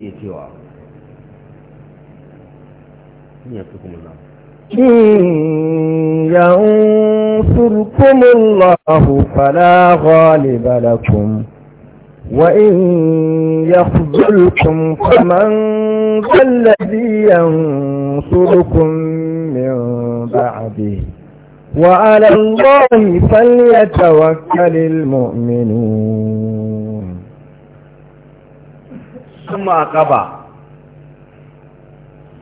ke cewa ينصركم الله فلا غالب لكم وإن يخذلكم فمن ذا الذي ينصركم من بعده وعلى الله فليتوكل المؤمنون sun maƙaba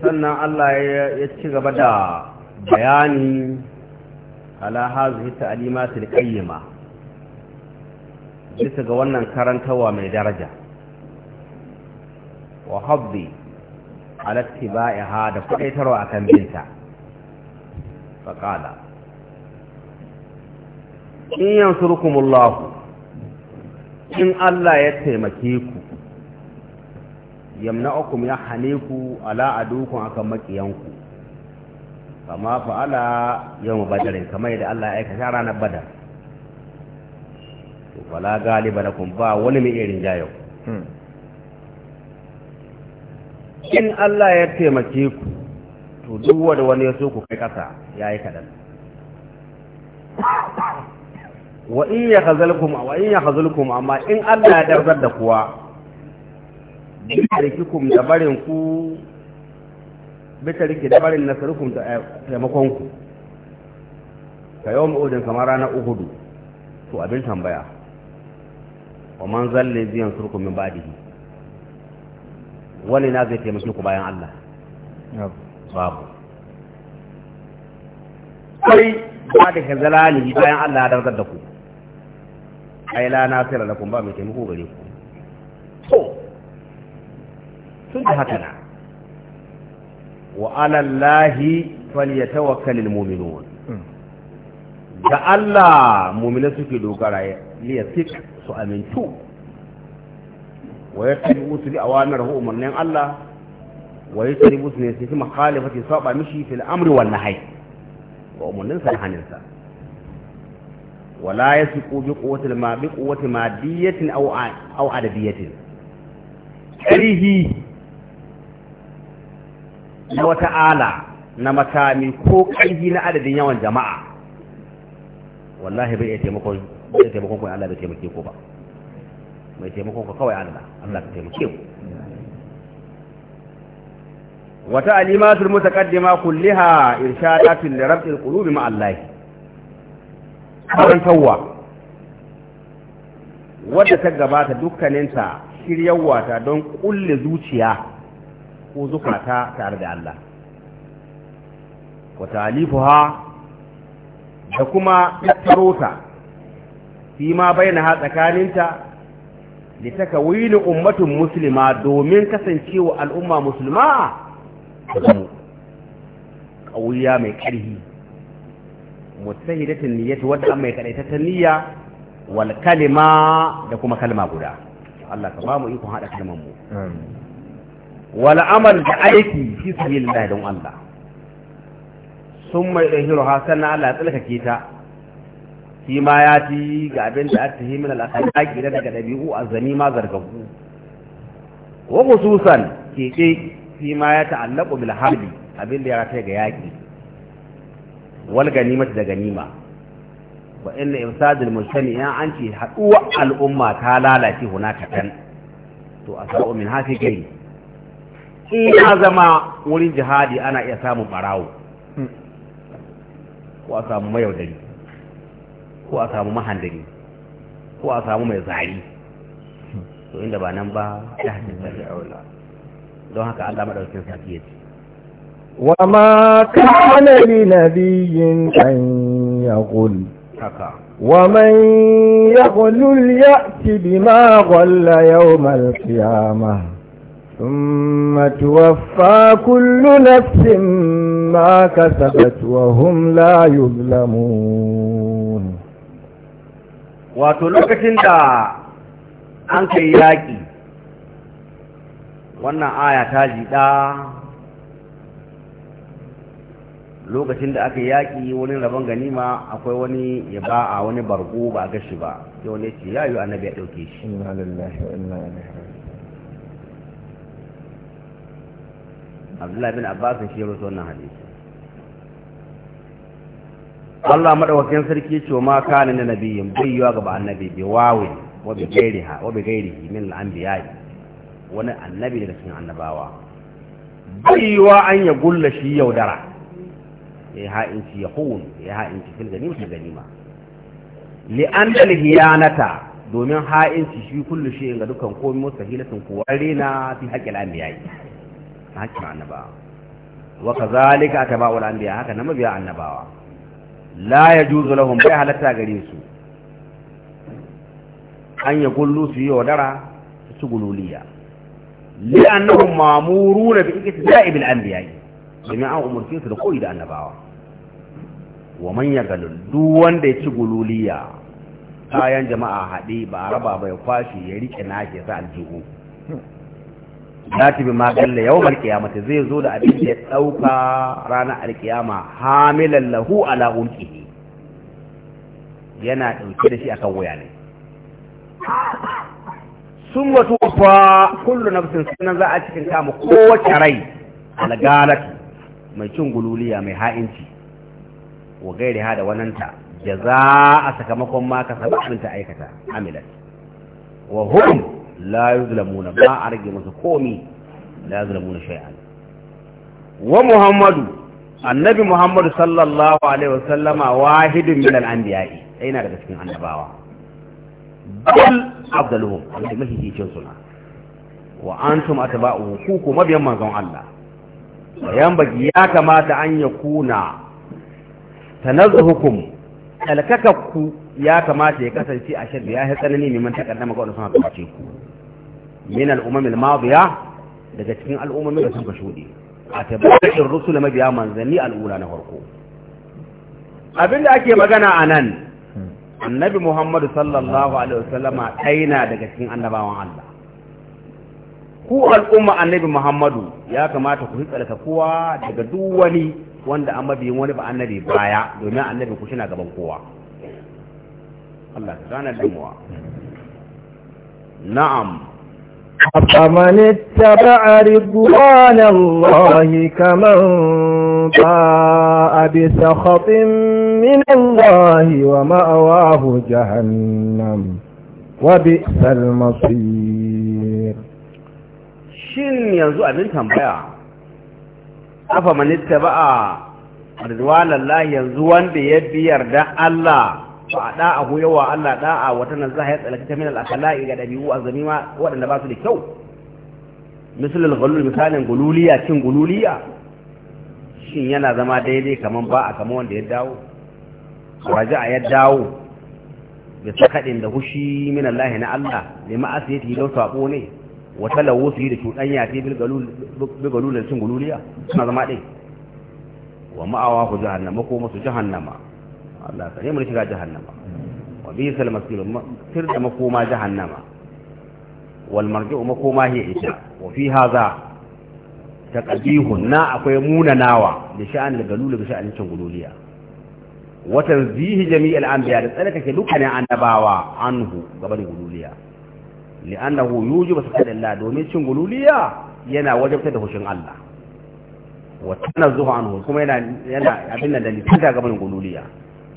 sannan Allah ya ci gaba da bayani ala hazihi ta'limatul qayyima bisa ga wannan karantawa mai daraja wa habbi ala tibaiha da kudaitarwa akan binta faqala in yansurkumullahu in Allah ya taimake ku yamna'ukum ya hane ku ala adukun akan makiyanku kama fa'ala yawm badarin kamar yadda Allah ya aikata ranar badar to fala galiba lakum ba wani mai irin jayo hmm. in Allah ya taimake ku to duk wanda wani ya so ku kai kasa yayi kadan wa in khazalkum wa in khazalkum amma in Allah ya darzar da kuwa bitarkikum da barin ku bitarki da barin nasarukum da eh, taimakon ku ka yawon odin kamar ranar uhudu to abin tambaya wa man zalle biyan surkun min ba'dihi wani na zai taimake ku bayan Allah babu kai ba da kazalani bayan Allah ya dargar da ku ai la nasira lakum ba mai taimako gare ku da haka na wa alallahi falyatawakkalul mu'minun da Allah mu'mina suke dogara liya sik su amintu wa yattabi'u su bi awamirihi umarnin Allah wa yattabi'u su ne su makhalifati saba mishi fil amri wan nahyi wa umarnin sa hanin sa wala yasiqu bi quwwatil ma bi quwwati madiyyatin aw aw adabiyatin karihi na wata ala na makami ko ƙarfi na adadin yawan jama'a wallahi bai iya taimakon bai taimakon kun Allah bai taimake ku ba mai taimakon ku kawai Allah Allah ka taimake ku wa ta'limatul mutaqaddima kulliha irshadatin li rabbil qulubi ma Allah karantawa wadda ta gabata dukkaninta shiryawa ta don kulle zuciya ko zukata tare da Allah wa talifuha da kuma tattaro ta fi ma bayyana ha tsakaninta da wili ummatun muslima domin kasancewa al'umma musulma mu ƙauya mai ƙarfi mutahidatin niyyati wadda mai ta niyya wal kalima da kuma kalma guda Allah ka ba mu ikon haɗa kalmar mu wal amal da aiki fi sabilillah don Allah sun mai dahiru ha sanna Allah ya tsalkake ta shi ma ya ci ga abin da aka yi min al'akhlaqi da daga dabi'u azami ma zargabu wa khususan keke shi ma ya ta'allaqu bil harbi abin da ya rata ga yaki wal ganimati da ganima wa inna imsadul mujtami ya an ce haduwa al'umma ta lalace hunaka kan to a sa'o min hafi gari in ya zama wurin jihadi ana iya samun barawo ko a samu mayaudari ko a samu mahandari ko a samu mai zari to inda ba nan ba ya hadisa da aula don haka an Allah madaukakin sarki yace Wa mai ya أن ya ومن bi يأتي بما غل يوم القيامة ثم توفى كل نفس ما كسبت وهم لا يظلمون wato lokacin da an وانا آية wannan aya ta lokacin da aka yaƙi wani rabon ganima akwai wani ya ba a wani bargo ba a gashi ba sai wani ce ya yi annabi ya ɗauke shi inna inna wa abdullahi bin abbas shi rawaito wannan hadisi Allah madawakin sarki ce ma kana na nabiyin bayyuwa gaba annabi bi wawi wa bi gairiha wa bi gairihi min al-anbiya wani annabi daga cikin annabawa bayyuwa an ya gulla shi yaudara ya ha'inci ya ha ya ha'inci fil ganima fil ganima li an hiyanata domin ha'inci shi kullu shi ga dukkan komai mutahilatin kuwa arena fi al anbiya hakkin annabawa wa kazalika atba'ul anbiya haka na mabiya annabawa la yajuzu lahum bai halatta gare su an ya kullu su yi wadara su gululiya annahum ma'muruna bi iktida'i bil anbiya jami'a an umarci su da koyi da annabawa wa man yagalu du wanda ya ci gululiya kayan jama'a haɗe ba raba bai kwashi ya rike nake sa aljihu zati bi magalla yawmal ta zai zo da abin da ya ɗauka ranar alkiyama hamilan lahu ala ulqihi yana ɗauke da shi akan kan ne sun wato fa kullu nafsin sunan za a cikin kama kowace rai algalat mai cin gululiya mai ha'inci wa gairi ha da wananta jaza a sakamakon ma ka ta aikata amilat wa hum la yuzlamuna ba a rage masa komi la yuzlamuna shay'an wa muhammadu annabi muhammadu sallallahu alaihi wasallama wahidun min al-anbiya'i yana daga cikin annabawa bal abdaluhum wanda mahihicin suna wa antum atba'u ku ku mabiyan manzon Allah bayan baki ya kamata an yakuna tanazzuhukum alkakakku ya kamata ya kasance a shaddu ya tsanani neman takaddama ga wanda suna gabace ku min al'umam al-madiya daga cikin al'ummomin da suka shuɗe a tabbatar rusul mabiya manzanni al'ula na farko abinda ake magana a nan annabi muhammadu sallallahu alaihi wasallama ɗaina daga cikin annabawan Allah ku al'umma annabi muhammadu ya kamata ku hitsalaka kowa daga duk wani wanda an mabiyin wani ba annabi baya domin annabi ku gaban kowa Allah na'am أفمن اتبع رضوان الله كمن باء بسخط من الله ومأواه جهنم وبئس المصير shin yanzu abin tambaya afa man ittaba ridwanallahi yanzu wanda ya bi yarda Allah ba a da'a ko yawa Allah da'a wata nan za ya tsalaka ta min al-akhlaqi ga dabi'u azamima waɗanda ba su da kyau misal al-ghulul misalin gululiya cin gululiya shin yana zama daidai kaman ba a kaman wanda ya dawo a ya dawo da sakadin da hushi min Allah na Allah ne ma'asiyati don sabo ne wa talawusi da cuɗanya ta bil galul bil galul cin gululiya suna zama dai wa ma'awa ku jahannama ko musu jahannama Allah ka mun shiga jahannama wa bi sal masir sir da makoma jahannama wal marji'u makoma hi ita wa fi hadha taqbihun na akwai munanawa da sha'an da galulu da sha'an cin gululiya wa tanzihi jami'al anbiya da ke dukkanin annabawa anhu gaban gululiya li'annahu yujibu sakadallah domin cin gululiya yana wajabta da hushin Allah wa tanazzuhu anhu kuma yana yana abin da litin da gaban gululiya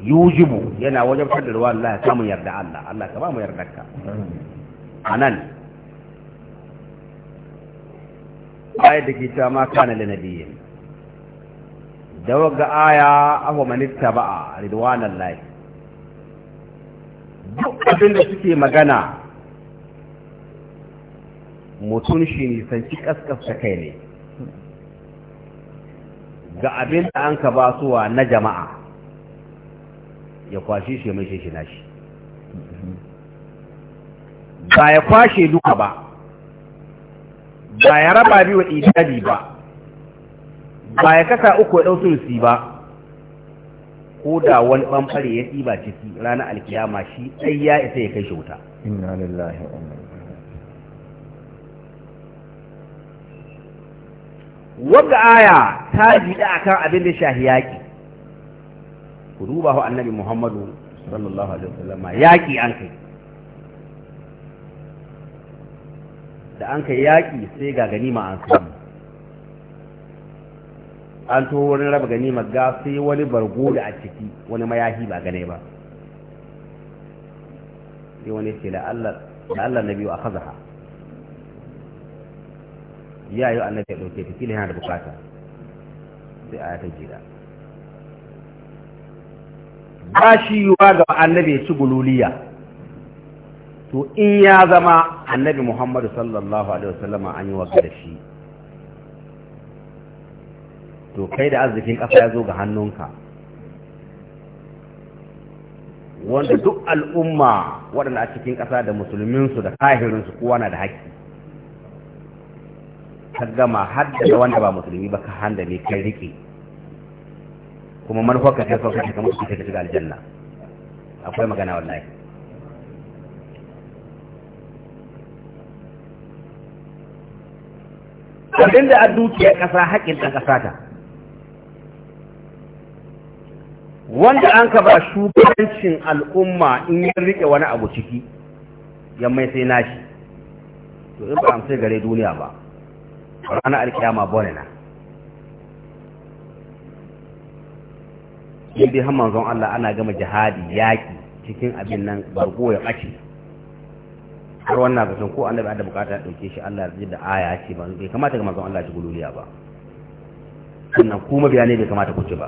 yujibu yana wajabtar da ruwan Allah ya samu yarda Allah Allah ka ba mu ka anan ayat da ke cewa ma kana da nabiyyin da waga aya ahu manitta ba ridwanan lahi duk abin da suke magana mutum shi nisanci kaskasta kai ne ga abin da an ka basuwa na jama'a ya kwashe shi mai shi nashi ba ya kwashe duka ba ba ya raba biyu wa ba ba ya kasa uku ya si ba ko da wani ɓamɓare ya ɗiba ciki rana alkiyama shi ɗai ya isa ya kai shi wuta inna wanda aya ta jiɗa akan abin da shahi yaƙi ku duba wa annabi muhammadu sallallahu alaihi wasallam yaƙi an kai da an kai yaƙi sai ga ganima an samu an to wani raba ganima ga sai wani bargo da a ciki wani mayahi ba gane ba sai wani ce da Allah na biyu a kazaha ya yi annabi ya ɗauke ta kila yana da bukata sai a ya ta jira ba shi yiwa ga annabi ya ci gululiya to in ya zama annabi muhammadu sallallahu alaihi wasallama an yi waka da shi to kai da arzikin ƙasa ya zo ga hannunka wanda duk al'umma waɗanda a cikin ƙasa da musulminsu da kahirinsu kowa na da haƙƙi ka gama hadda da wanda ba musulmi ba ka handa ne kai riƙe kuma manufarka ta sauka son kashe mutu kuka ka shiga aljanna akwai magana wallahi abin da a dukiyar ƙasa haƙƙin ɗan ƙasa ta wanda an ka ba shugabancin al'umma in ya riƙe wani abu ciki ya mai sai nashi to in ba amsai gare duniya ba ranar alkiyama bonina in dai har manzon Allah ana gama jihadi yaki cikin abin nan bargo ya ɓace har wannan zaton ko annabi da bukata ɗauke dauke shi Allah ya da aya ce ba bai kamata ga manzon Allah ya gululiya ba sannan kuma bayanai bai kamata ku ci ba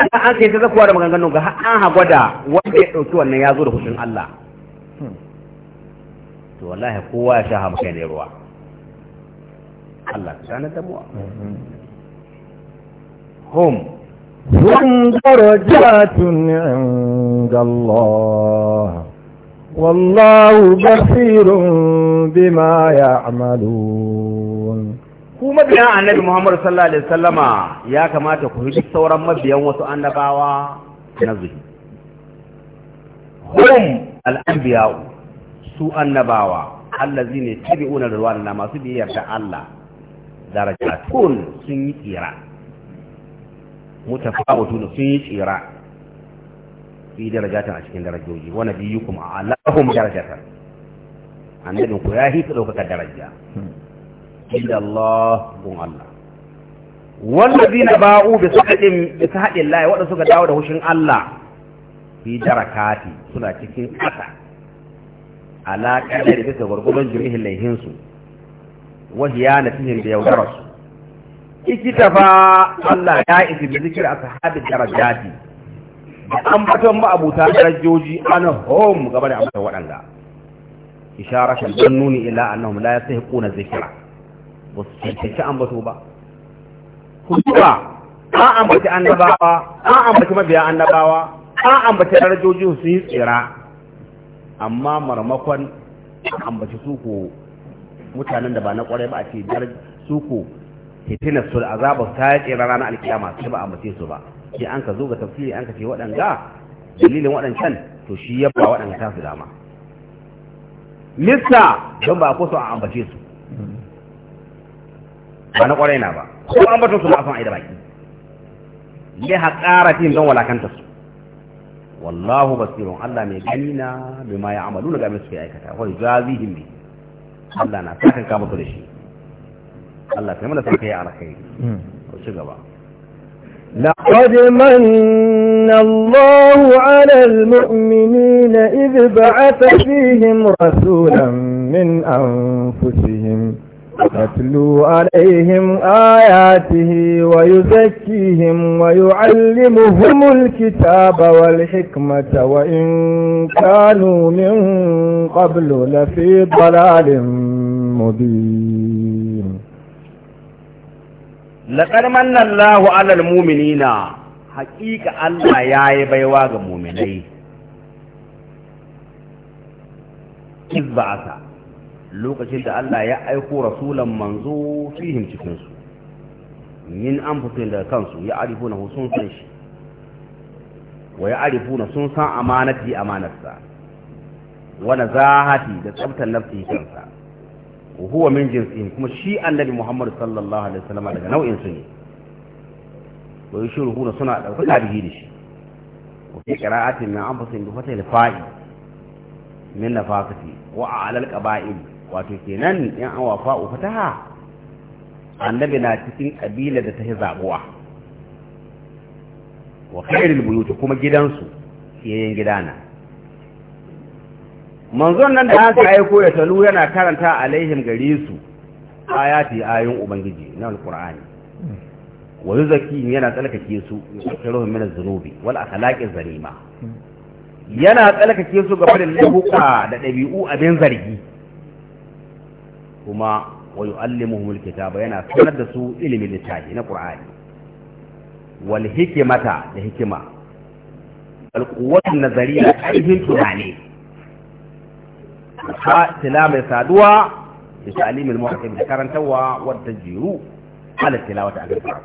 sannan an kai ta zakuwa da maganganun ga an hagwada wanda ya dauki wannan ya zo da hushin Allah hmm. to wallahi kowa ya sha hamkai ne ruwa Allah ka sanar da mu hmm. hum hum darajatun inda Allah wallahu basirun bima ya'malun ku mabiyan annabi Muhammad sallallahu alaihi wasallama ya kamata ku duk sauran mabiyan wasu annabawa na zuhi hum al-anbiya'u su annabawa allazina tabi'una rilwana masu biyar da Allah darajatun sun yi tsira mutafawatun sun yi tsira fi darajatan a cikin darajoji wa nabiyukum a'lahum darajatan annabin ku ya hita daukaka daraja inda Allah gun Allah wallazina ba'u bi sahadin bi sahadin Allah wanda suka dawo da hushin Allah fi darakati suna cikin kasa ala da bisa gurgurdan jami'in laihinsu wa hiyanatihim da yawdarsu fa Allah ya isi da zikir a sahabi darajati da ambaton abuta darajoji an hom gaba da abuta waɗanda isharatan don nuni ila annahum la yastahiquna zikra ba su cancanci ambato ba Ku kuma an ambaci annabawa an ambaci mabiya annabawa an ambaci darajoji su yi tsira amma marmakon ambaci su ko mutanen da ba na kwarai ba a ce su ko fitinar su da azabar ta ya tsira ranar alkiyama su ba a mace su ba sai an ka zo ga tafsiri an ka ce waɗanda dalilin waɗancan to shi ya ba waɗanda ta su dama lissa don ba ko so a ambace su ba na ƙwarai na ba ko an ambaton su na a son aida baki ya haƙara fi don walakanta su wallahu basirun Allah mai gani na bima ya amalu na game su ke aikata wani jazihim bi Allah na sakan kama su da shi الله kai تلقي sarki ya alkhairi لقد من الله على المؤمنين إذ بعث فيهم رسولا من أنفسهم يتلو عليهم آياته ويزكيهم ويعلمهم الكتاب والحكمة وإن كانوا من قبل لفي ضلال مبين laqad manna Allahu 'alal mu'minina haƙiƙa Allah yi baiwa ga mu'minai ba'asa, lokacin da Allah ya aiko rasulan manzo fihim cikinsu, yin min anfusin da kansu ya arifuna sun san shi wa ya arifuna sun san amanati amanarsa da tsabtar nafsi kansa wa huwa min jinsihi kuma shi annabi Muhammad sallallahu alaihi daga nau'in su ne wa yushruhuna suna dauka bihi da shi wa fi qira'atin min anfusin bi fatil fa'i min nafaqati wa ala al qaba'il wato kenan in an wafa fataha annabi na cikin kabila da ta zabuwa wa khairul buyut kuma gidansu gida na? manzon nan da aka aiko ya talu yana karanta alaihim gare su ayati ayun ubangiji na alqur'ani wa yuzaki yana tsalkake su yusafiruhum min az-zunubi wal akhlaqi zalima yana tsalkake su ga farin lahuka da dabi'u abin zargi kuma wa yu'allimuhum alkitaba yana sanar da su ilimin littafi na qur'ani wal hikmata da hikima al quwwatu nazariya ta tunani ta tila mai saduwa da ta'alimin muhakim da karantarwa wadda jiru ala wata a gaisa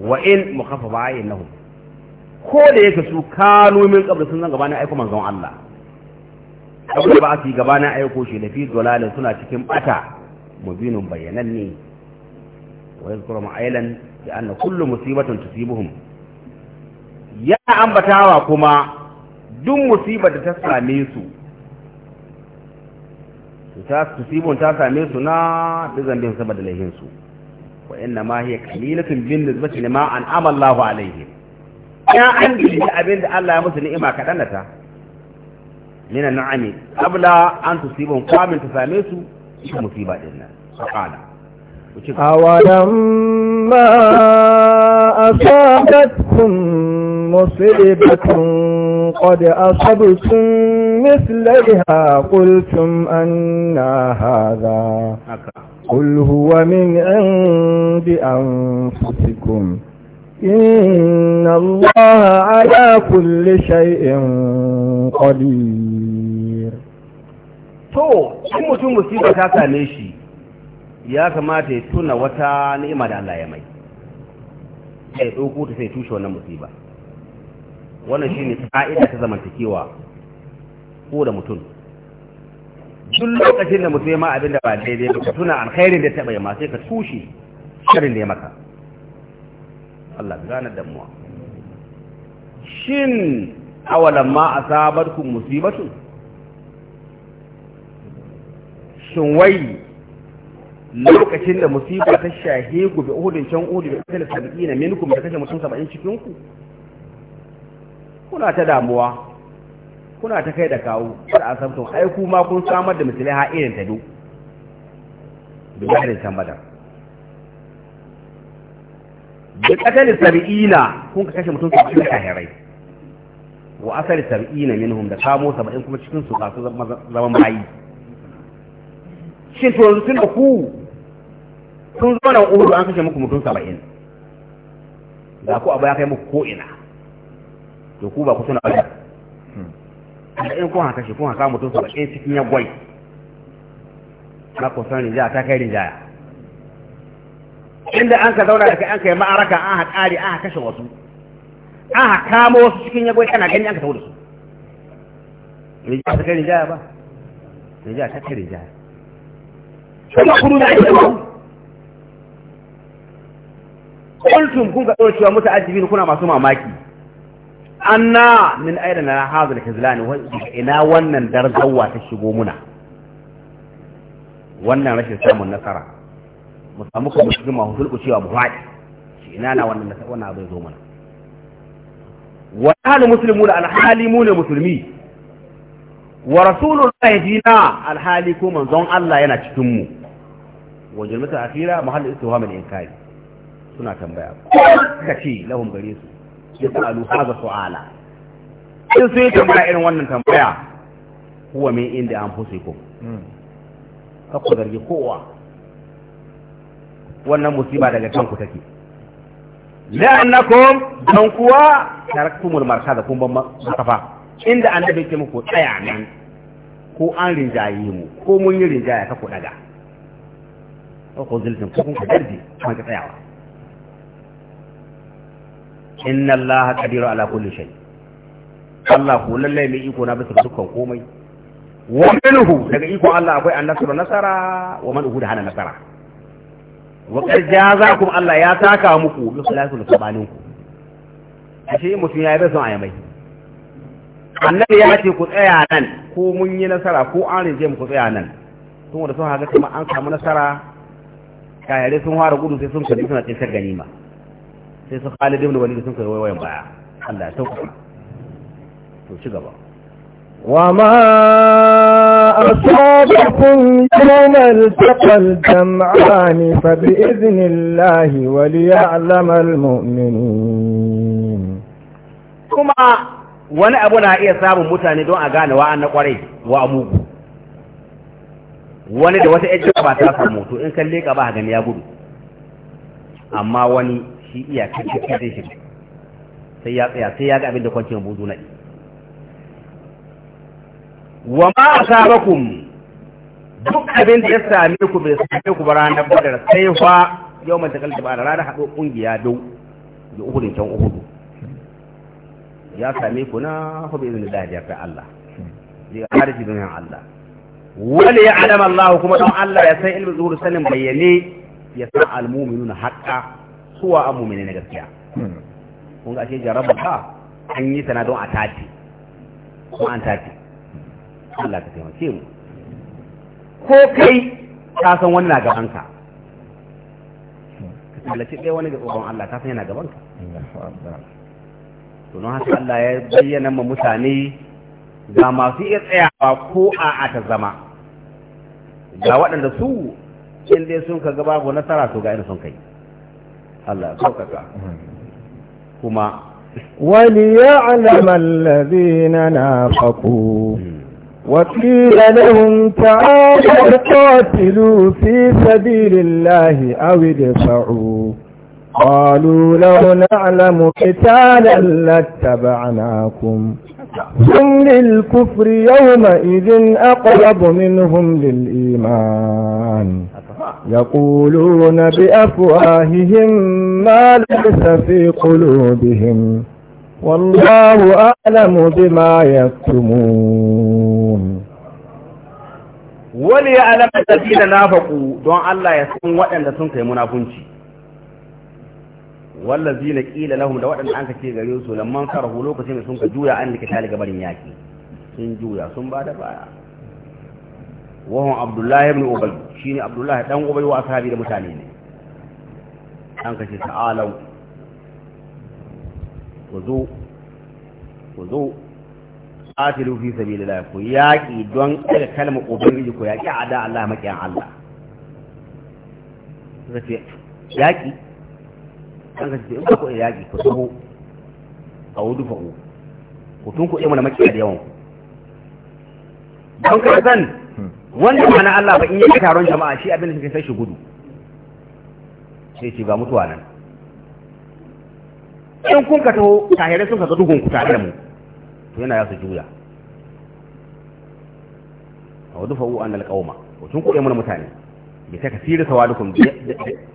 wa in mukaffafa ayin nahu ko da yake su kanu min qabla sun zan gabanin aiko manzon Allah abu ba su gabanin aiko shi da fi dalalin suna cikin bata mubinun bayananne wa yadhkuru ma'ilan da anna kullu musibatin tusibuhum ya ambatawa kuma duk musibar da ta same su ta tusibun ta same su na da zambin saboda laihin su wa inna ma hiya qalilatun bin nisbati lima an amallahu alaihim ya an abin da Allah ya musu ni'ima kadan ta min an'ami abla an tusibun kamin ta same su ita musiba din nan faqala awalam ma asabatkum مصيبة قد أصبتم مثلها قلتم أن هذا قل هو من عند أنفسكم إن الله على كل شيء قدير to ta same shi ya kamata ya tuna wata ni'ima da Allah ya mai sai ɗauko ta sai tushe wannan musibar wannan shi ne ka'ida ta zamantakewa ko da mutum duk lokacin da mutum ya ma abin da ba daidai ba ka tuna alkhairin da ta taɓa ma sai ka tushe shirin da ya maka Allah gane damuwa shin awalan ma sabar ku musibatu shin wai lokacin da musibar ta shahe ku bi uhudin can ita bi kasar sabi'ina minkum da kashe mutum saba'in cikinku kuna ta damuwa kuna ta kai da kawo da an samto ai ma kun samar da misalai ha irin ta duk da can badar da kun ka kashe mutum su da kahirai wa asali sab'ina minhum da kamo saba'in kuma cikin su kasu zaman bayi shin to sun da ku sun zo nan uhudu an kashe muku mutum saba'in da ku abu ya kai muku ko'ina to ku ba ku suna Allah da in kun haka shi kun haka mutum saba'in cikin ya gwai na kusan rinjaya ta kai rinjaya inda an ka zauna da kai an kai ma'araka an ha ƙari an ha kashe wasu an ha kama wasu cikin ya gwai kana gani an ka tawo da su rinjaya ta kai rinjaya ba rinjaya ta kai rinjaya kuma kudu na ake ba kuntum kun ga ɗaucewa mutu ajibin kuna masu mamaki anna min aina na hazal hizlan ina wannan darzawa ta shigo muna wannan rashin samun nasara mu samu ko musulmi ma hulku cewa mu faɗi shi ina na wannan nasara wannan abin zo muna wa alhali mu ne musulmi wa rasulullahi dina alhali ko manzon Allah yana cikin mu wajen mutu akira mahallin istiwa min inkari suna tambaya ce lahum gare su yas'alu su su'ala in yi tambaya irin wannan tambaya huwa mai inda an anfusikum ku zargi kowa wannan musiba daga kanku take la'annakum dan kuwa taraktumul marka da ban makafa inda annabi ke muku tsaya nan ko an rinjaye mu ko mun yi rinjaya ka ku daga ko ku zilfin ko kun ka dardi kuma ka tsayawa inna Allah qadiru ala kulli shay Allah ko lalle mai iko na bisa dukkan komai wa minhu daga iko Allah akwai annasru nasara wa man da hana nasara wa qad jazakum Allah ya taka muku bi salatul sabanin ku ashe mutum ya yi son ayyami annabi ya ce ku tsaya nan ko mun yi nasara ko an rinje mu ku tsaya nan tun da sun haka kuma an samu nasara kayare sun fara gudu sai sun kalli suna tsakar ganima sai su Khalid ibn Walid sun kai wayan baya Allah ya sauka to ci gaba وما أصابكم يوم التقى الجمعان فبإذن الله al-mu'minin Kuma wani abu na iya samun mutane don a gane wa na kwarai wa mugu wani da wata yajin ba ta samu to in kalle ka ba gani ya gudu amma wani shi iya kake zai shiga sai ya tsaya sai ya ga abin da kwanci kwancin buzu na wa ma asabakum duk abin da ya sami ku bai sami ku ba ranar badar sai fa yau mai takal da bara ranar haɗo ƙungiya dau da uhudin can uhudu ya sami ku na hobi izini da ya fi Allah zai harfi don Allah wani ya alama Allah kuma don Allah ya san ilmi zuhur sanin bayyane ya san almuminu na haƙa suwa an mumine na gaskiya kun ga ashe jaraba ba an yi sana don a tafi kuma an tace Allah ka taimake mu ko kai ka san wannan gaban ka ka tallace ɗaya wani ga tsoron Allah ka san yana gaban ka to don haka Allah ya bayyana ma mutane ga masu iya tsayawa ko a a ta zama ga waɗanda su in dai sun ka gaba ko nasara to ga irin sun kai Allah ya sauƙaƙa kuma wani ya alamallabin na faku wasu lalahun ta'adar kawatilu fi sabi lillahi awi da sa'u ƙalu lau na alamu fita lallata Hummin kufur ya wuma idan iman. Da Kulu na biya fahimtar malami Wani ya alamar da Sina na don Allah ya san waɗanda sun kai muna wallazi na kila lahum da waɗanda an ka ce gare su lamman karahu lokacin da sun ka juya an nika tali gabarin yaƙi sun juya sun ba da baya wahon abdullahi ibn ubay shine abdullahi dan ubay wa ashabi da mutane ne an ka ce ta'alau ku zo ku zo qatilu fi sabilillah ku yaƙi don daga kalmar ubangiji ku yaƙi ada Allah makiyan Allah suka ce yaƙi an ka ce in ba ku da yaƙi ku taho a wudu fa'u ku tun ku mana makiya da yawan ku don ka san wanda ma na Allah ba in yi taron jama'a shi abin da suke sai shi gudu sai ce ba mutuwa nan in kun ka taho tahirai sun ka ga dugun ku tare da mu to yana ya su juya a wudu fa'u an alƙawma ku tun ku mana mutane bi ta kasiri sawadukum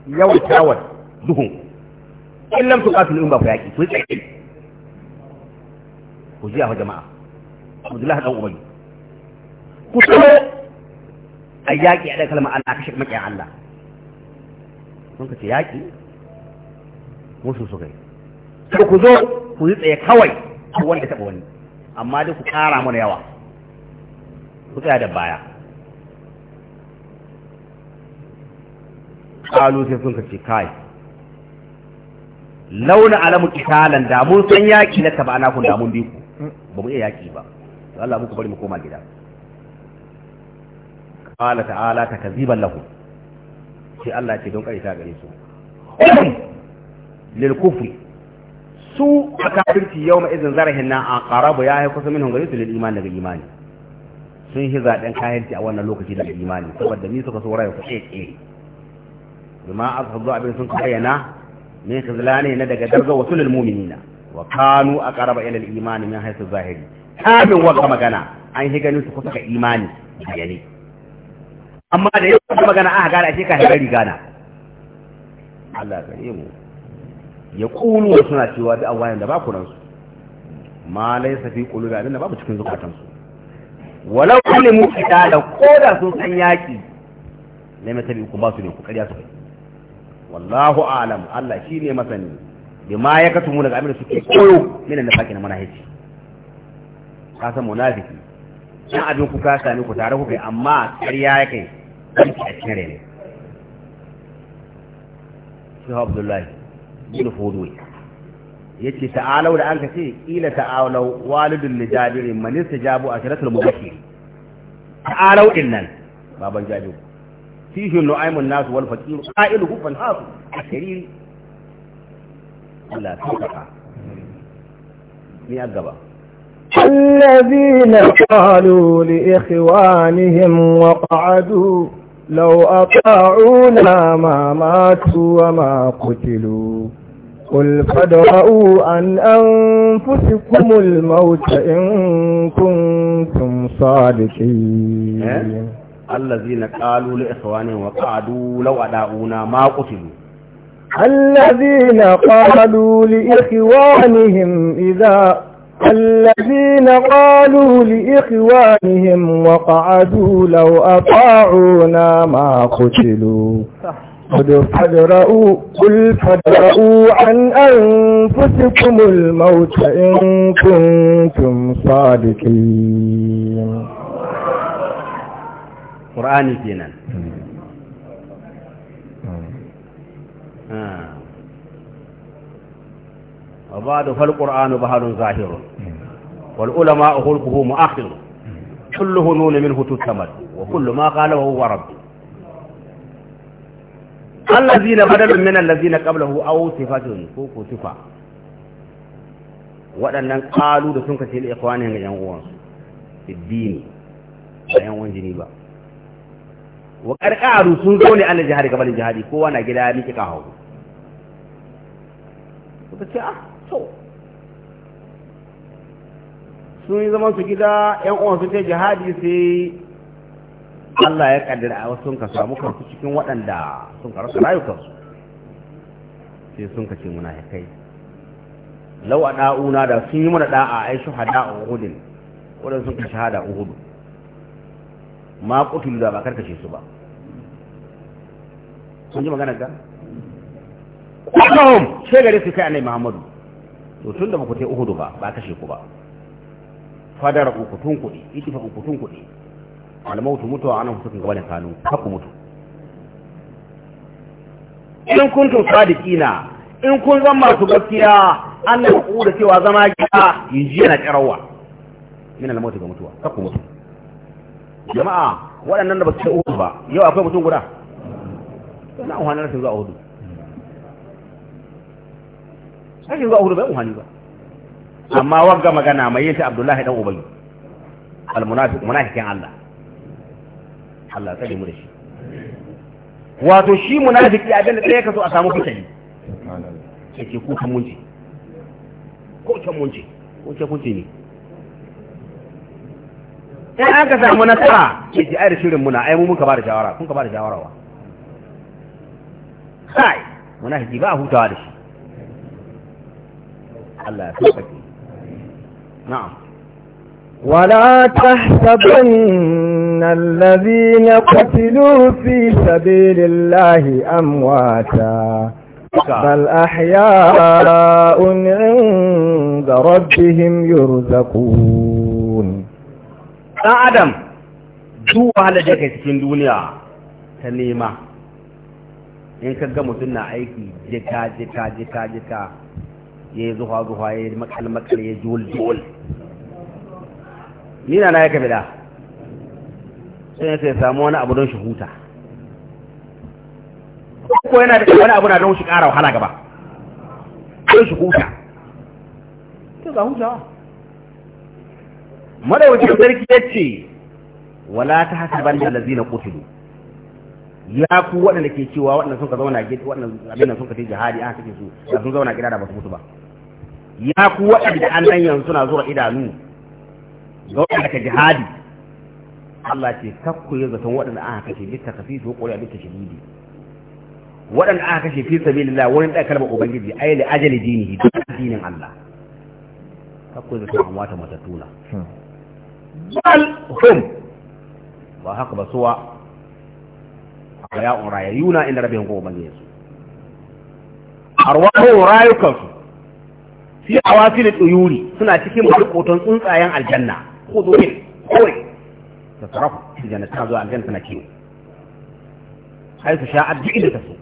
yawan tawar duhun in lam tuqatil ba ku yaki ku tsaye ku ji a jama'a Abdullahi dan Ubay ku tsoro a yaƙi a ɗan kalmar Allah kashe makiyan Allah mun ka ce yaki musu su kai ko ku zo ku yi tsaye kawai wanda taba wani amma dai ku kara mana yawa ku tsaya da baya kalu sai sun ka ce kai launa alamu kitalan da mun san yaki na tabana kun da mun bi ku ba mu iya yaki ba to Allah muku bari mu koma gida qala ta'ala takziban lahu sai Allah ce don karita gare su lil kufri su a yawma yau izin zarahin nan a ya haiku kusa minhum gari su lil imani daga imani sun shi zaɗen kayanci a wannan lokaci daga imani saboda ni suka so rayu ku tsaye tsaye bima azhadu abin sun kayyana min khizlani na daga darga wasulul mu'minina wa kanu aqraba ila al-iman min haythu zahiri kamin wa magana an shi ganin su kusa ka imani bayani amma da yau kuma magana aka gara shi ka hira rigana Allah ka yi mu ya kulu wa suna cewa bi awayan da ba ku ransu ma laysa fi qulubi abinda babu cikin su. walau alimu qitala ko da sun san yaki lamma tabi ku ba su ne ku ƙarya su kai wallahu alam Allah shine masani ma ya kasu mu daga abin da suke koyo mina na faki na mana manahici ka san munafiki Yan abin ku ka sami ku tare ku kai amma ƙarya ya kai kan a cikin rene shi Abdullahi bin Ya yace ta'alau da an ka ce ila ta'alau walidul li jabir man istajabu asharatul mubashir ta'alau din nan baban jabiru فيه النعيم الناس والفقير قائله فانهاس الشرير لا تفقع مئة قبا الذين قالوا لإخوانهم وقعدوا لو أطاعونا ما ماتوا وما قتلوا قل فادرؤوا عن أنفسكم الموت إن كنتم صادقين الذين قالوا لإخوانهم وقعدوا لو أداؤنا ما قتلوا الذين قالوا لإخوانهم إذا الذين قالوا لإخوانهم وقعدوا لو أطاعونا ما قتلوا قد فادرؤوا قل فادرؤوا عن أنفسكم الموت إن كنتم صادقين ƙur'ani kenan wa ba da falƙur'anu baharun والعلماء خلقه مؤخر كل هنون منه تتمد وكل ما قاله هو رب الذين بدل من الذين قبله أو صفة فوق صفة وأن قالوا لسنك الإخوان إخوانهم ينقون في الدين ينقون جنيبا wa ƙarƙaru sun zo ne ala jihari gabanin jihari kowa na gida ya miƙe ƙaho suka ce ah to sun yi zaman su gida yan uwan sun ce jihadi sai Allah ya kaddara a wasu sun ka samu kansu cikin waɗanda sun ka rasa rayukansu sai sun ka ce muna ya kai lau a ɗa'una da sun yi mana ɗa'a a yi shahada a uhudin waɗanda sun ka shahada a uhudu ma kutu da ba karkashe su ba sun ji magana ga Allahum sai gare su kai annabi Muhammadu to tun da ba ku Uhudu ba ba kashe ku ba fadar ku kutun kuɗi ikifa ku kutun kuɗi almautu mutuwa ana ku kan gaban kanu haku mutu in sadi kina, in kun zan masu gaskiya na ku da cewa zama gida ji yana karawa min almautu ga mutuwa haku mutu jama'a waɗannan da ba su ce Uhudu ba yau akwai mutum guda na amfani rashin zuwa hudu rashin zuwa hudu bai amfani ba amma wagga magana mai yin ta abdullahi dan ubayi almunafiq munafikin Allah Allah ta mu da shi wato shi munafiki abin da ɗaya ka so a samu fitani yake ku kan munje ko can munje ko ce kunce ne in ka samu nasara yake ai da shirin muna ai mu muka ba da shawara kun ka ba da shawara wa kai munafiki ba hutawa da shi Allah ولا تحسبن الذين قتلوا في سبيل الله أمواتا بل أحياء عند ربهم يرزقون آدم جوا على جكة في الدنيا تنيمة in ka ga mutum na aiki jika jika jika jika ya yi zuwa zuwa ya yi makal makal ya juwul juwul ni na na ya kabila sai ya samu wani abu don shi huta ko yana da wani abu na don shi ƙara wahala gaba don shi huta ta ga huta madawacin sarki ya ce wala ta hasaban da na kutulu ya ku waɗanda ke cewa waɗanda sun ka zauna gida waɗanda abin sun ka ce jihadi an kake su da sun zauna gida da ba su mutu ba ya ku waɗanda an nan yanzu suna zura idanu ga waɗanda ka jihadi Allah ce takku ya zaton waɗanda an kashe bi ta kafi su ƙuri'a bi ta shahidi waɗanda aka kashe fi sabilillah wurin ɗaya kalmar ubangiji ai li ajali dinihi duk addinin Allah takku ya zaton an wata matatuna hmm. bal hum ba haka ba suwa wa ya urayuna inda rabin ko ubangiji su arwahu rayukan su fi awasil tuyuri suna cikin makotan tsuntsayen aljanna ko zo ne kawai ta sarafu aljanna ta zo aljanna tana kiwo haitu sha'ad duk inda ta so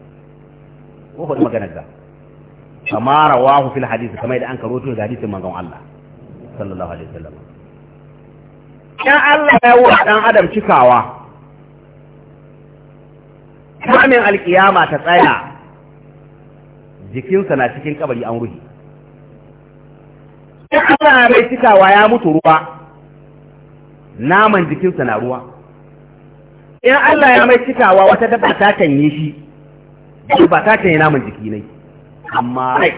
ko hudu maganar da kama rawahu fil hadisi kamar da an karoto da hadisin manzon Allah sallallahu alaihi wasallam ya Allah ya wa dan adam cikawa kamin alkiyama ta tsaya jikinsa na cikin kabari an ruhi Allah mai cikawa ya mutu ruwa naman jikinsa na ruwa in Allah ya mai cikawa wata dabba ta yi shi ba ta kan yi naman jiki ne amma rai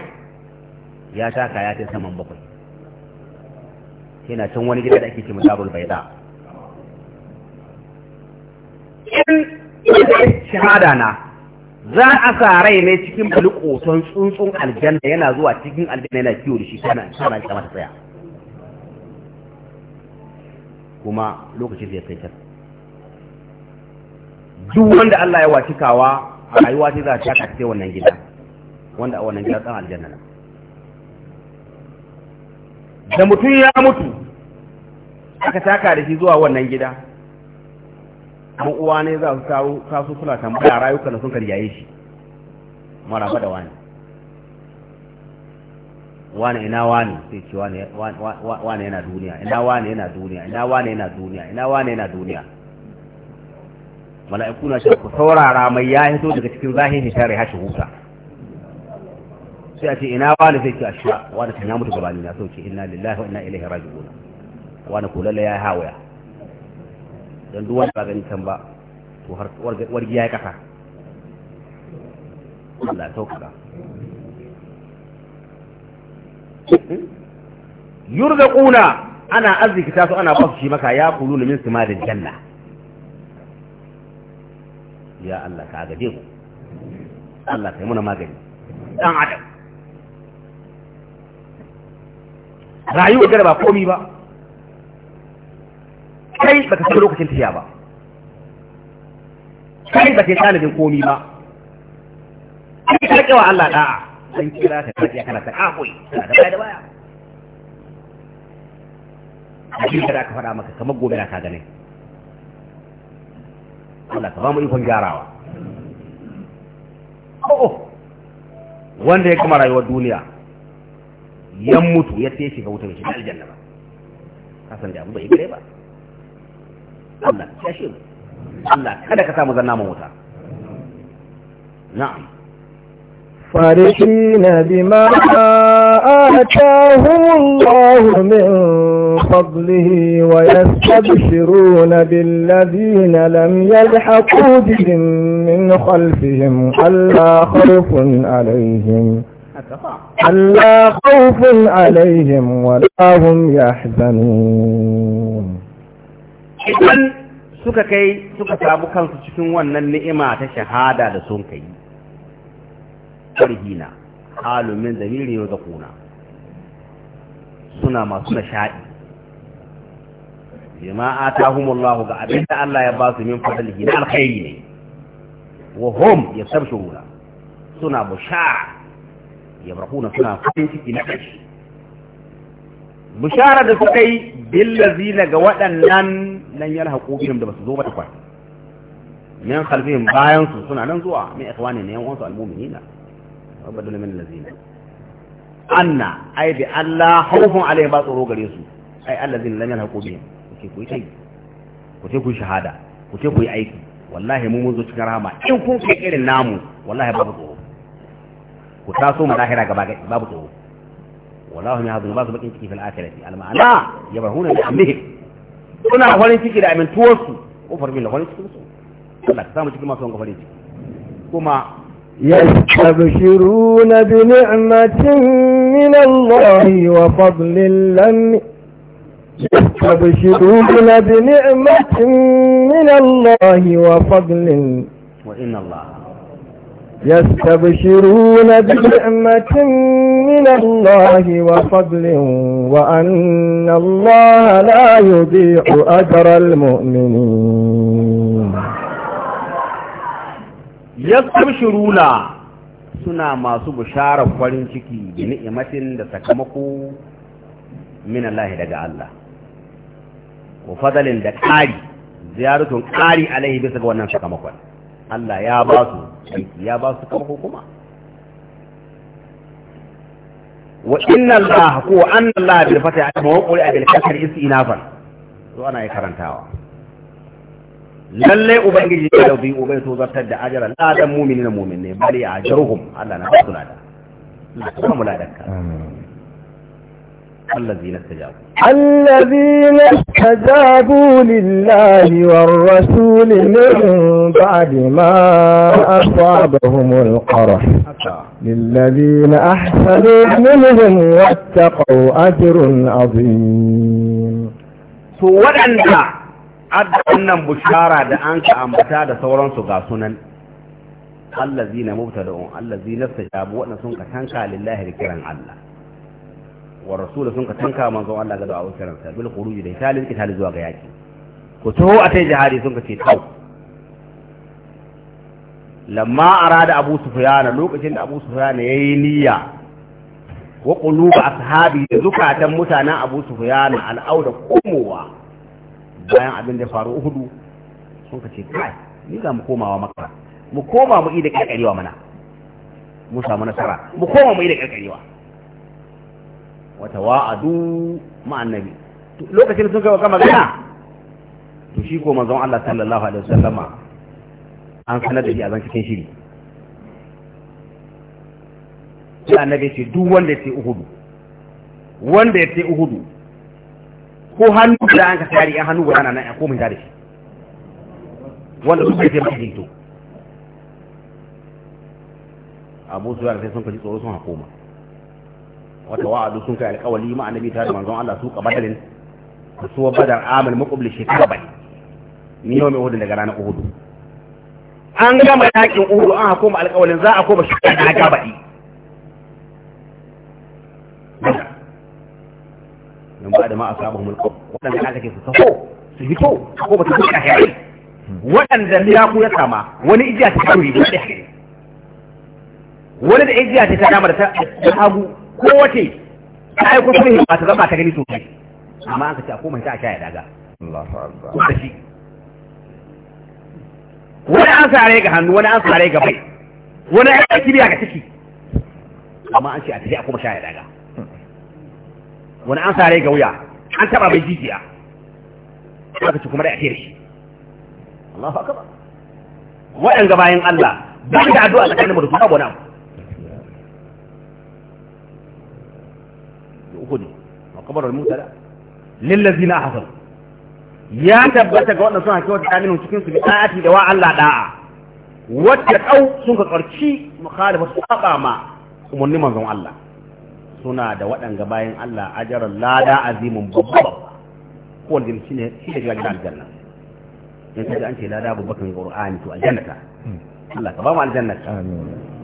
ya taka ya ta saman bakwai yana can wani gida da ake ce mu bai da shahada na za a sa rai ne cikin bali koson tsuntsun aljanna yana zuwa cikin aljanna yana kiwo da shi kana kana kama ta tsaya kuma lokacin zai kai duk wanda Allah ya wacikawa a rayuwa ce za ta shaka cikin wannan gida wanda a wannan gida tsan aljanna na da mutum ya mutu aka taka da shi zuwa wannan gida ɗan uwa ne za su kawo kasu suna tambaya rayuka da sun karyaye shi maraba da wani wani ina wani sai ce wani yana duniya ina wani yana duniya ina wani yana duniya ina wani yana duniya mala'iku na shi ku saurara mai ya hito daga cikin zahiri tare hashi huta sai a ce ina wani sai ce a shi wani kan ya mutu gabanin ya sauke inna lillahi wa inna ilaihi raji'un wani kula lalle ya hawaya dan duk wanda ba gani can ba to har wargiya ya kasa Allah ya sauƙaƙa yurgaquna ana ta su ana basu shi maka ya kulu min da janna ya Allah ka gaje mu Allah ka yi muna magani dan adam rayuwa gara ba komi ba kai baka san lokacin tafiya ba kai baka tanadin komi ba kai ka kewa Allah da sai kira ta tafiya kana ta kakoi kana da baya da baya abin da aka faɗa maka kamar gobe na ka ganin Allah ka ba mu ikon gyarawa oh, oh. wanda ya kama rayuwar duniya yan mutu ya tashi ga mai shi aljanna ba san da abu bai gare ba Allah ya shi Allah kada ka samu zanna na'am فرحين بما آتاهم الله من فضله ويستبشرون بالذين لم يلحقوا بهم من خلفهم ألا خوف عليهم ألا خوف عليهم ولا هم يحزنون idan suka kai suka samu kansu cikin wannan ni'ima ta shahada da sun kai farhina halumin zamiri yau da suna masu nishaɗi ta atahumullahu ga abinda Allah ya ba su min fadal na alkhairi ne wa hum yastabshiruna suna bushara yabrahuna suna farin ciki na bishara da suka yi billazina ga waɗannan nan yana haƙo da su zo ba ta kwai min khalfihim bayan su suna nan zuwa min ikhwani ne yan na almu'minina rabbadul min lazina anna ay bi allah khawfun alaihim ba tsoro gare su ai allazina lan yalhaqu bihim kuce ku yi ku ce ku shahada ku ce ku yi aiki wallahi mu mun zo cikin rahama in kun kai irin namu wallahi babu tsoro ku taso mu lahira gaba babu tsoro wallahu ya hazun ba su bakin ciki fil akhirati al ma'ana yabahuna bi amrihim suna farin ciki da amintuwar su ko farmin da farin cikin su Allah ka samu cikin masu wanga farin ciki kuma يستبشرون بنعمة من الله وفضل لم يستبشرون بنعمة من الله وفضل وإن الله يستبشرون بنعمة من الله وفضل وأن الله لا يضيع أجر المؤمنين يستبشرون suna masu bisharar farin ciki da ni'imacin da sakamako min Allah daga Allah wa fadalin da ƙari ziyaratun ƙari alaihi bisa ga wannan sakamakon Allah ya ba su aiki ya ba su kama hukuma wa inna Allah ko anna Allah bil fata ya ma qul bil isi istinafan to ana yi karantawa lalle ubangiji ya dauki ubai to zartar da ajran la dan mumin ne, bali ajruhum Allah na ba su lada na ka mu amin الذين استجابوا الذين استجابوا لله والرسول من بعد ما أصابهم القرح للذين أحسنوا منهم واتقوا أجر عظيم سوى أنت أدنى بشارة أنك أمتاد ثورا سقاسنا الذين مبتدعون الذين استجابوا وأن سنك تنكى لله لكرا الله wa rasulu sun ka tanka manzon Allah ga da'awar karanta bil khuruji da ki tali zuwa ga yaki ko to a tai jihadi sun ka ce tau lamma arada abu sufyan lokacin da abu sufyan yayi niyya wa quluba ashabi da zukatan mutanen abu sufyan auda komowa bayan abin da faru uhudu sun ka ce kai ni ga mu komawa makka mu koma mu ida karkarewa mana mu samu nasara mu koma mu ida karkarewa wata wa'adu ma'annabi lokacin sun kai kama gana to shi ko manzon Allah sallallahu alaihi wasallama an sanar da shi a zan cikin shiri sai annabi ce duk wanda ya ce uhudu wanda ya ce uhudu ko hannu da an ka tari an hannu guda nan ko mun da shi wanda su ce mai jinto abu zuwa sai sun kaji tsoro sun hakoma wata wa'adu sun kai alƙawali ma annabi ta da manzon Allah su ka badalin su wa badar amal muqbil shekara bai ni yau mai uhud daga ranar Uhudu? an gama yakin Uhudu. an hakoma alƙawalin za a koma shekara da ga badi nan ba da ma asabahum alqaw Waɗanda aka ke su taho su fito ko ba su fita hayar wadanda ya ku ya sama wani ijiya ta kuri da wani da ijiya ta dama da ta hagu ko wace ta aiko sulhi ba ta zama ta gani sosai amma an ka ce a koma ta a sha ya daga wani an sare ga hannu wani an sare ga bai wani an kiriya ga ciki amma an ce a tafi a koma sha ya daga wani an sare ga wuya an taba bai jijiya aka ci kuma da a tere shi Allahu ba waɗanda bayan Allah ba da addu'a tsakanin mu da kuma wani abu uku ne da? mutada lillazina hasan ya tabbata ga waɗanda sun suna kyauta aminu cikin su bi da'ati da wa Allah da'a wacce ɗau sun ka karci mukhalifa su saba ma umarni manzon Allah suna da waɗanga bayan Allah ajiyar lada azimin babba babba ko wanda shi ne shi ne gidan aljanna in kaji an ce lada babba kan qur'ani to aljanna ta hmm. Allah ka ba mu aljanna amin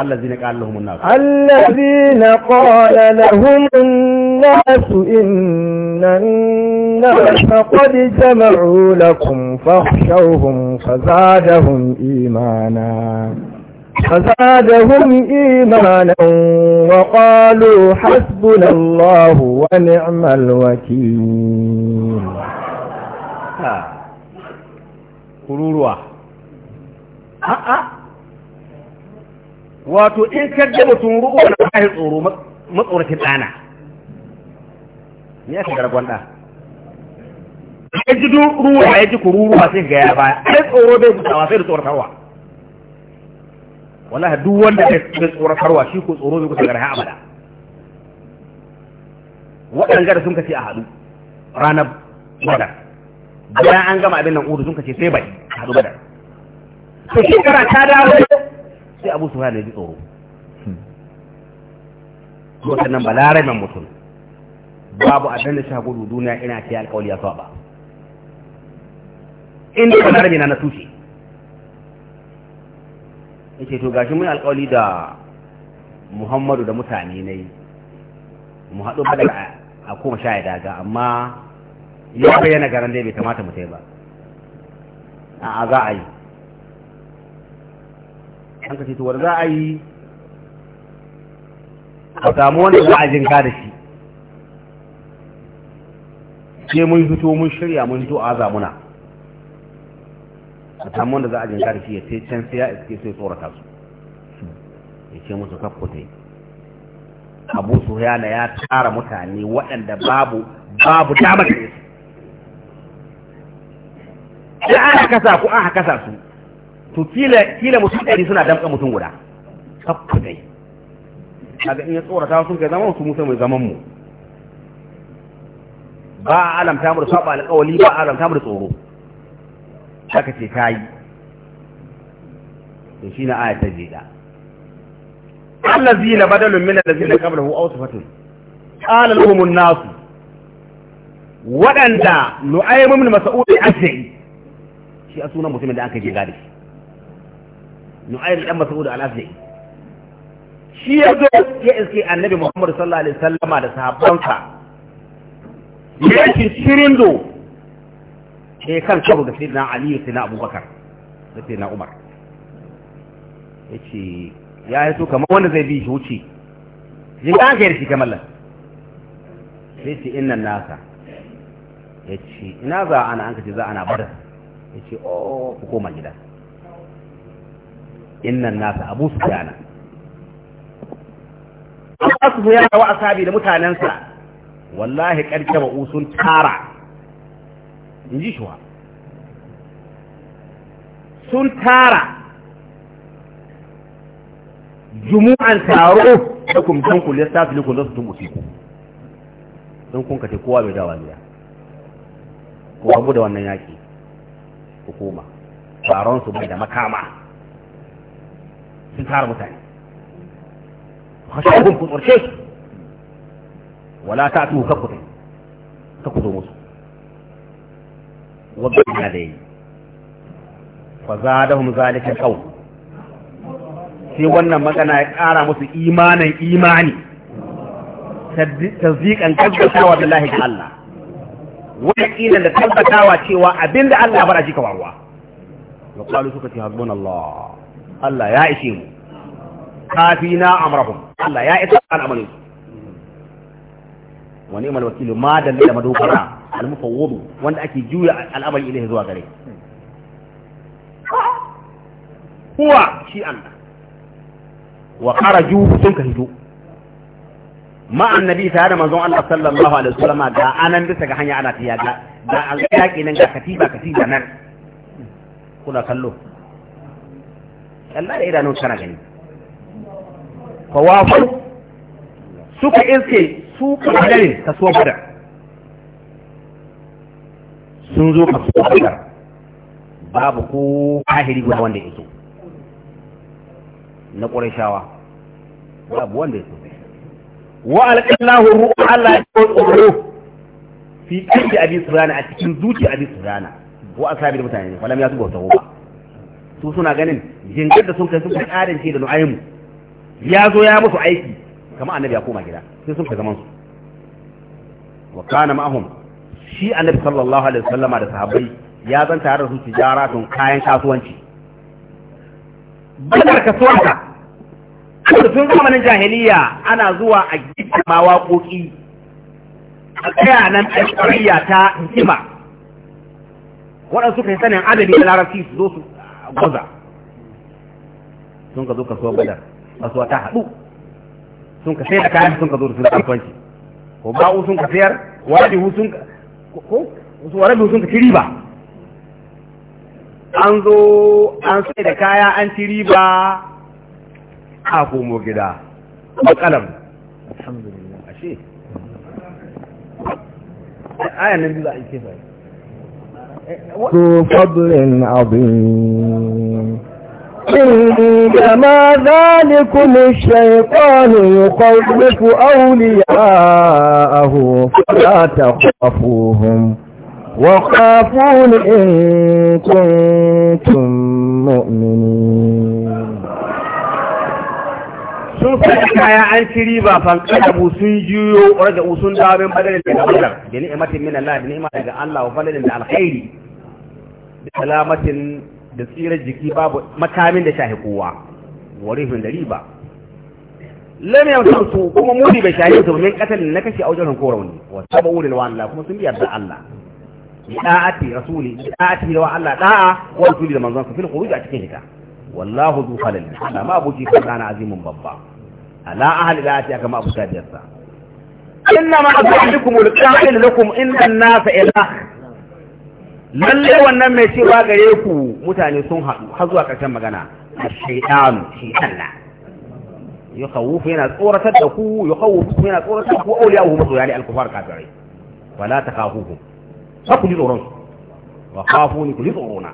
الذين قال لهم الناس الذين قال لهم الناس إن الناس قد جمعوا لكم فاخشوهم فزادهم إيمانا فزادهم إيمانا وقالوا حسبنا الله ونعم الوكيل آه. قروروا أأأ آه، آه. wato in ka ga mutum rubu na bashi tsoro matsorakin ɗana ne aka garagon ɗa ya ji ruwa ya ji kururuwa sai ga ya baya ai tsoro bai gusawa sai da tsoratarwa wallahi duk wanda bai tsoratarwa shi ko tsoro bai gusa garha abada waɗanga da sun kace a haɗu ranar badar bayan an gama abin nan uru sun kace sai bai haɗu badar to shekara ta dawo sai abu su hana ji tsoro nan ba mutum babu a abin da gudu duniya ina ce alkawali ya saba in da larabe na na tushe ce to gashi mun alkawali da muhammadu da mutane na yi mu haɗu ba daga a koma sha daga amma ya bayyana garan dai bai kamata mu ba a za a yi an ka ce za a yi a samu wanda za a jinka da shi ce mun fito mun shirya mun fito a zamuna a samu wanda za a jinka da shi ya ce can sai ya iske sai tsorata su ya ce musu kakkuta yi abu su yana ya tara mutane waɗanda babu babu damar da su da aka kasa ku aka kasa su to kila kila mutum ɗari suna damƙa mutum guda kafa dai kaga in ya tsorata sun kai zaman su musa mai zaman mu ba a alamta mu da saba alƙawali ba a alamta mu da tsoro haka ce ta yi to shi na aya ta jeda na badalun min na qablahu aw sifatun qala lahum an-nas waɗanda nu'aym ibn mas'ud al-ashri shi a sunan mutumin da an je gadi nu'ayr dan mas'ud al-asli shi ya zo ya annabi Muhammad sallallahu alaihi da sahabbansa ya shi shirin do kan kabu da sayyidina Ali da sayyidina Abubakar da sayyidina Umar ya yi so kamar wanda zai bi shi wuce jin ka aka yarki kamar sai ce inna nasa ina za ana an kace za ana bada yace oh ku koma gida innan nasa abu su sufyana abu yana wa asabi da mutanensa wallahi ƙarfe ba usun tara in ji shuwa sun tara jumu'an taro da kumtan ya sa likun da su tun usiku don kun kace kowa bai dawa gida Ku abu da wannan yaki hukuma taron su bai da makama sun tara mutane khashahum ku tsorshe su wala ta tuhu kakku ta kakku zo musu wadda ina da yi fa zadahum zalika qawl sai wannan magana ya ƙara musu imanin imani tazdiqan kaddatawa billahi da Allah wani kila da tabbatawa cewa abinda Allah bara jika wawa ya qalu suka ce hasbunallah Allah ya ishe mu kafina amrahum Allah ya isa al'amarin su wani ni'mal wakil ma dalla da madogara al-mufawwid wanda ake juya al'amari ilahi zuwa gare huwa shi Allah wa kharaju sun ka hito ma annabi tare da manzon Allah sallallahu alaihi wasallam ga anan bisa ga hanya ana tiya ga ga an yaki nan ga katiba katiba nan kuna kallo Allah da idanun sana gani fawafu suka iske su ta so badar sun zo so badar babu ko ahiri guda wanda yake Na na ƙurashawa babu wanda yake wa alƙallahu ru'u Allah ya ko tsoro fi ƙarfi abin a cikin zuci abin rana. wa sabi da mutane ne falam ya zuba wata ba su suna ganin jingar da sun kai sun kai ce da nu'aimu ya zo ya musu aiki kama annabi ya koma gida sai sun kai zaman su wa kana ma'ahum shi annabi sallallahu alaihi wasallama da sahabbai ya zan tare da su tijaratun kayan kasuwanci bada kasuwanka Kuma tun zamanin jahiliya ana zuwa a gidan mawaƙoƙi a tsaya nan ɗan ta hikima waɗansu kai sanin adabi da larabci su zo su gwaza sun ka zo kasuwar badar kasuwa ta haɗu sun ka sai da kayan sun ka zo da sun kasuwanci ko ba'u sun ka sayar warabihu sun ka ko warabihu sun ka ci riba an zo an sai da kaya an ci riba a komo gida matsalar alhamdulillah ashe ayan nan biyu za a yi kefa ذو فضل عظيم إنما ذلكم الشيطان يخوف أولياءه فلا تخافوهم وخافون إن كنتم مؤمنين sun fara kaya an ci riba fankalabu sun juyo raja usun dabin da daga badar da ni'imatin min Allah da ni'ima daga Allah wa fadalin da alkhairi da salamatin da tsirar jiki babu makamin da shahi kowa warifin da riba lam yamsu su kuma mudi bai shahi su min katalin na kashi a wajen korauni wa sabu lil wa'ala kuma sun biyar da Allah da'ati rasuli da'ati wa Allah da'a wa rasuli da manzon sa fil khuruj a cikin hita wallahu zu falal ma abuji kana babba ala ahli la ta kama abuta da yasa inna ma azukum alqa'il lakum inna an-nasa ila lalle wannan mai cewa gare ku mutane sun haɗu har zuwa ƙarshen magana shaytanu shi Allah ya yana tsoratar da ku ya yana tsoratar da ku auliyahu yani al-kufar kafirai wala takhafuhum fa ku ji tsoron su wa khafuni ku ji tsorona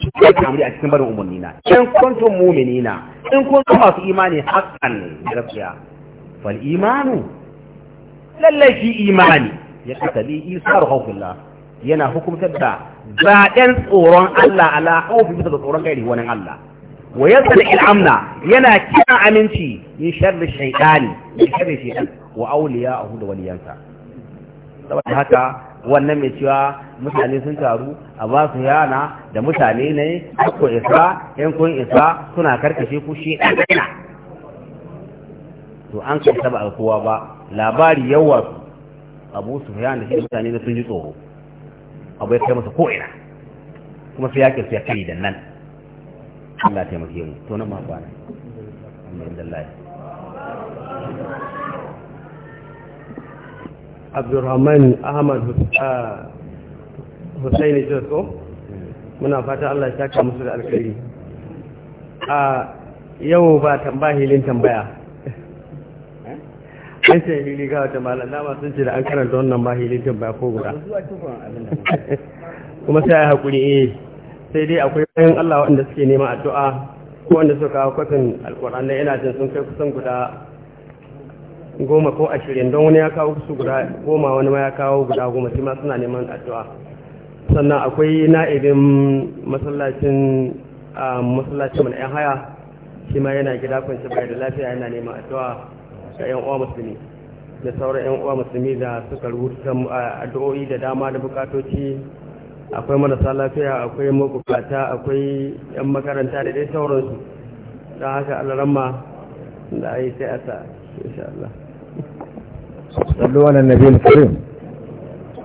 cikin kamri a cikin barin umarni na in kuntum mu'minina in kuntum masu imani haqqan gaskiya fal imanu lallai shi imani ya katabi isar hawfillah yana hukumtar da zaɗen tsoron Allah ala haufi bisa da tsoron gairi wani Allah wa yasa da il'amna yana kira aminci min sharri shaiɗani, min sharri shaytan wa awliya a hudu waliyansa saboda haka wannan mai cewa mutane sun taru a ba su yana da mutane ne ko isa yan kun isa suna karkashe ku shi ɗana to an kai saba kowa ba labari yawa abu su da shi mutane sun ji tsoro abu ya kai masa ko'ina kuma sai yaƙi su ya kai da nan Allah taimake mu to nan ma kwana alhamdulillah abdurrahman ahmad hussaini jirko muna fata allah ya saka musu da alkhairi a yau ba tamba hilin tambaya eh? an ce hili ga wata malar sun ce da an karanta wannan ba hilin tambaya ko guda kuma sai ya haƙuri eh sai dai akwai bayan allah waɗanda suke neman addu'a ko wanda suka kawo kwatin alƙur'an na yana jin sun kai kusan guda goma ko ashirin don wani ya kawo su guda goma wani ma ya kawo guda goma shi ma suna neman addu'a sannan akwai na'ibin masallacin masallacin mana yan haya shi ma yana gida kwanci bai da lafiya yana neman addu'a ga yan uwa musulmi da sauran yan uwa musulmi da suka rubuta addu'o'i da dama da bukatoci akwai marasa lafiya akwai mabukata akwai yan makaranta da dai sauransu don haka alarama da a yi sai a sa insha Allah صلوا على النبي الكريم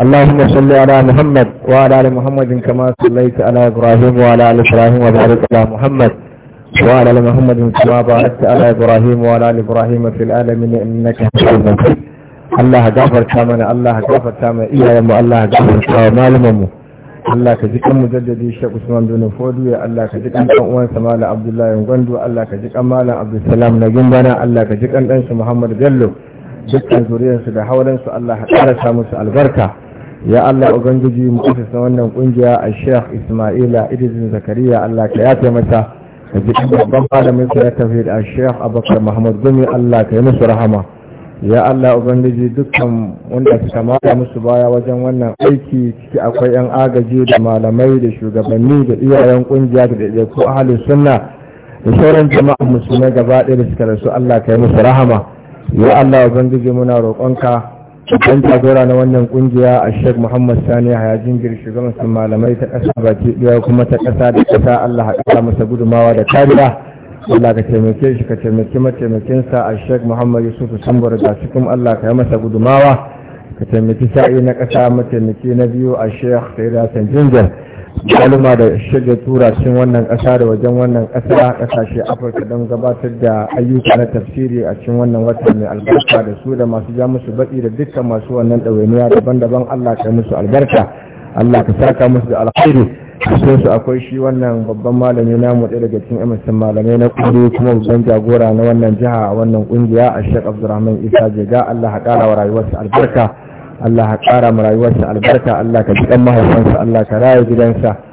اللهم صل على محمد وعلى ال محمد كما صليت على ابراهيم وعلى ال ابراهيم وبارك على محمد وعلى ال محمد كما باركت على ابراهيم وعلى ال ابراهيم في العالمين انك حميد مجيد الله غفر كامنا الله غفر كامنا اياهم الله غفر كامنا مالمم Allah ka ji kan mujaddadi Sheikh Usman bin Fodu ya Allah ka ji kan dan uwansa Malam Abdullahi Gondo Allah ka ji kan Malam Abdulsalam na Gimbana Allah ka ji kan dan Muhammad Bello dukkan zuriyarsu da haulansu Allah ya ƙarasa musu albarka ya Allah ubangiji mu kusa wannan kungiya a Sheikh Ismaila Idrisin Zakariya Allah ka yafe mata da babban malamin sa ta fi a Sheikh Abubakar Muhammad Gumi Allah ka yi musu rahama ya Allah ubangiji dukkan wanda suka mata musu baya wajen wannan aiki ciki akwai yan agaji da malamai da shugabanni da iyayen kungiya da ko ahli sunna da sauran jama'a musulmai gaba ɗaya da suka rasu Allah ka yi musu rahama ya Allah bangiji muna roƙonka dan jagora na wannan kungiya a Sheikh Muhammad Sani Haya Jingir shugaban sun malamai ta ƙasa baki ɗaya kuma ta ƙasa da ƙasa Allah haƙa masa gudumawa da kariya Allah ka taimake shi ka taimake mataimakinsa a Sheikh Muhammad Yusuf Sambar da cikin Allah ka yi masa gudumawa ka taimaki sa'i na ƙasa mataimaki na biyu a Sheikh Sayyid Hassan Jingir maluma da shirya tura cikin wannan ƙasa da wajen wannan ƙasa ƙasashe afirka don gabatar da ayyuka na tafsiri a cikin wannan wata mai albarka da su da masu ja musu baƙi da dukkan masu wannan ɗawainiya daban-daban allah ka musu albarka allah ka saka musu da alkhairi cikin su akwai shi wannan babban malami namu ɗaya daga cikin emerson malamai na kudu kuma babban jagora na wannan jiha a wannan ƙungiya a shek abdurrahman isa jega allah ka ƙara wa rayuwarsa albarka Allah ka ƙara mu rayuwarsa albarka Allah ka ji ɗan mahaifansa Allah ka raya gidansa